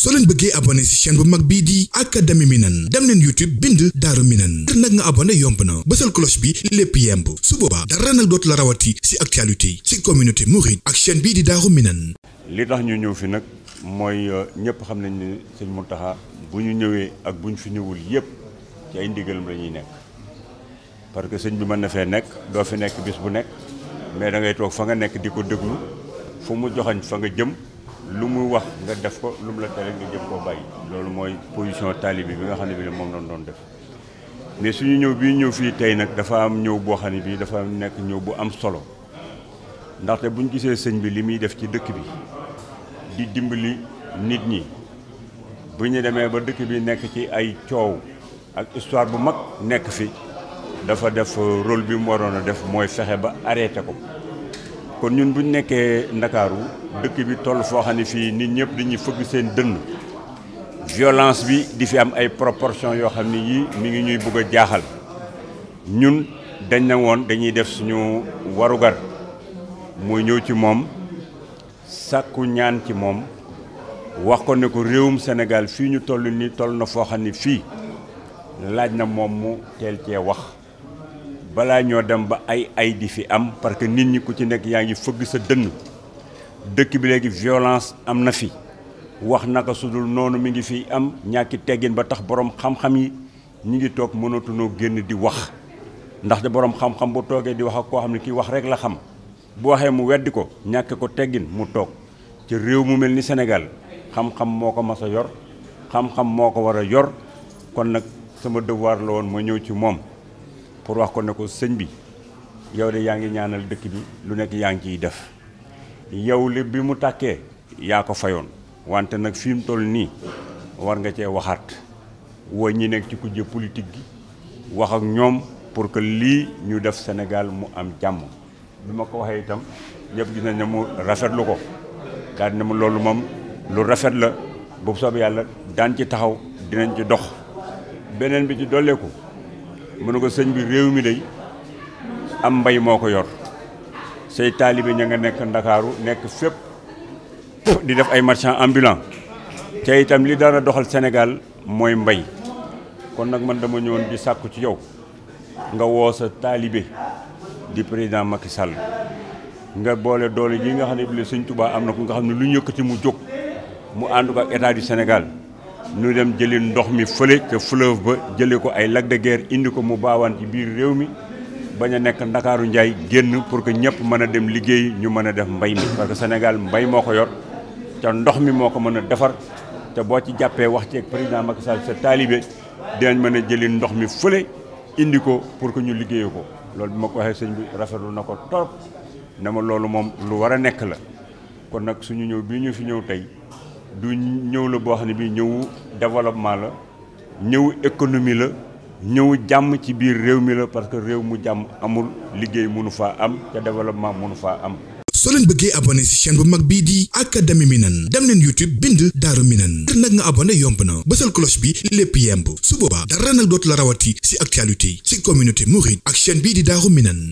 soo leen bëggee abonné ci chaîne bu mag bii di académie Minane dem leen YouTube bind Daaru Minane ngir nag nga abonné yomb na bësal cloche bi lépp yemb su boobaa dara nag dootu la rawati ci actualité ci communauté mouride ak chaîne bii di Daaru Minane li tax ñu ñëw fi nag mooy euh, ñëpp xam nañ ne mu Mountakha bu ñu ñëwee ak bu ñu fi ñëwul yëpp ci ay ndigalam la ñuy nekk parce que sëñ bi mën na fee nekk doo fi nekk bis bu nekk mais da ngay toog fa nga nekk di ko déglu fu mu joxañ fa nga jëm lu mu wax nga def ko lu mu la tere nga jëm koo bàyyi. loolu mooy position taalibe bi nga xam ne bi moom la doon def mais suñu ñëw bii ñëw fii tey nag dafa am ñëw boo xam ne bii dafa nekk ñëw bu am solo ndaxte buñ gisee sëñ bi li muy def ci dëkk bi di dimbali nit ñi bu ñu demee ba dëkk bi nekk ci ay coow ak histoire bu mag nekk fi dafa def rôle bi mu waroon a def mooy fexe ba arrêté ko. kon ñun bu ñu nekkee ndakaaru dëkk bi toll foo xam ne fii nit ñëpp dañuy fëgg seen dënn violence bi di fi am ay proportion yoo xam ne yii mi ngi ñuy bugg a jaaxal ñun dañ na woon dañuy def suñu warugar mooy ñëw ci moom sàkku ñaan ci moom wax ko ne ko réewum senegal fii ñu toll ni toll na foo xam ni fii laaj na moom mu teel cee wax balaa ñoo dem ba ay ay di fi am parce que nit ñi ku ci nekk yaa ngi fëgg sa dënn dëkk bi léegi violence am na fi wax naka su noonu mi ngi fii am ñàkki teggin ba tax borom xam-xam yi ñi ngi toog mënatunoo génn di wax ndax de borom xam-xam bu toogee di wax ak koo xam ne kii wax rek la xam bu waxee mu weddi ko ñàkkee ko teggin mu toog ci réew mu mel ni Sénégal xam-xam moo ko mas a yor xam-xam moo ko war a yor kon nag sama devoir la woon ma ñëw ci moom pour wax ko ne ko sëñ bi yow de yaa ngi ñaanal dëkk bi lu nekk yaa ngi ciy def yow li bi mu tàkkee yaa ko fayoon wante nag fi mu toll nii war nga cee waxaat woo ñi nekk ci kujje politique gi wax ak ñoom pour que lii ñu def Sénégal mu am jàmm bi ma ko waxee itam ñëpp gis ne mu rafetlu ko daal ne mu loolu moom lu rafet la bu soob yàlla daan ci taxaw dinañ ci dox beneen bi ci dolleeku mu ne ko sëñ bi réew mi day am mbay moo ko yor say taalibe ña nga nekk ndakaaru nekk fépp di def ay marchand ambulant te itam li daana doxal Sénégal mooy mbay kon nag mën dama ñëwoon di sàkku ci yow nga woo sa taalibe di président Macky Sall nga boole dool ji nga xam ne bi la sëñ Touba am na ku nga xam ne lu ñu yëkkati mu jóg mu ànd ko ak état Sénégal ñu dem jëli ndox mi fële ca fleuve ba jëlee ko ay lac de indi ko mu baawaan ci biir réew mi bañ a nekk ndakaaru njaay génn pour que ñëpp mën a dem liggéey ñu mën a def mbay mi parce que Sénégal mbay moo ko yor ca ndox mi moo ko mën a defar te boo ci jàppee wax ci ak président Macky Sall sa taalibe dinañ mën a jëli ndox mi fële indi ko pour que ñu liggéeye ko loolu bi ma ko waxee sëñ bi rafetlu na ko torop ne ma loolu moom lu war a nekk la kon nag suñu ñëw bii ñu fi ñëw tey du ñëw la boo xam ne bii ñëwu développement la ñëw économie la ñëw jàmm ci biir réew mi la parce que réew mu jàmm amul liggéey mënu faa am te développement mënu faa am. soo leen bëggee abonné ci chaîne bu mag bii di académie Minane dem leen YouTube bind Daaru Minane ngir nag nga abonné yomb na bësal cloche bi lépp yemb su boobaa dara nag dootu la rawati ci actualité ci communauté mouride ak chaîne bii di Daaru Minane.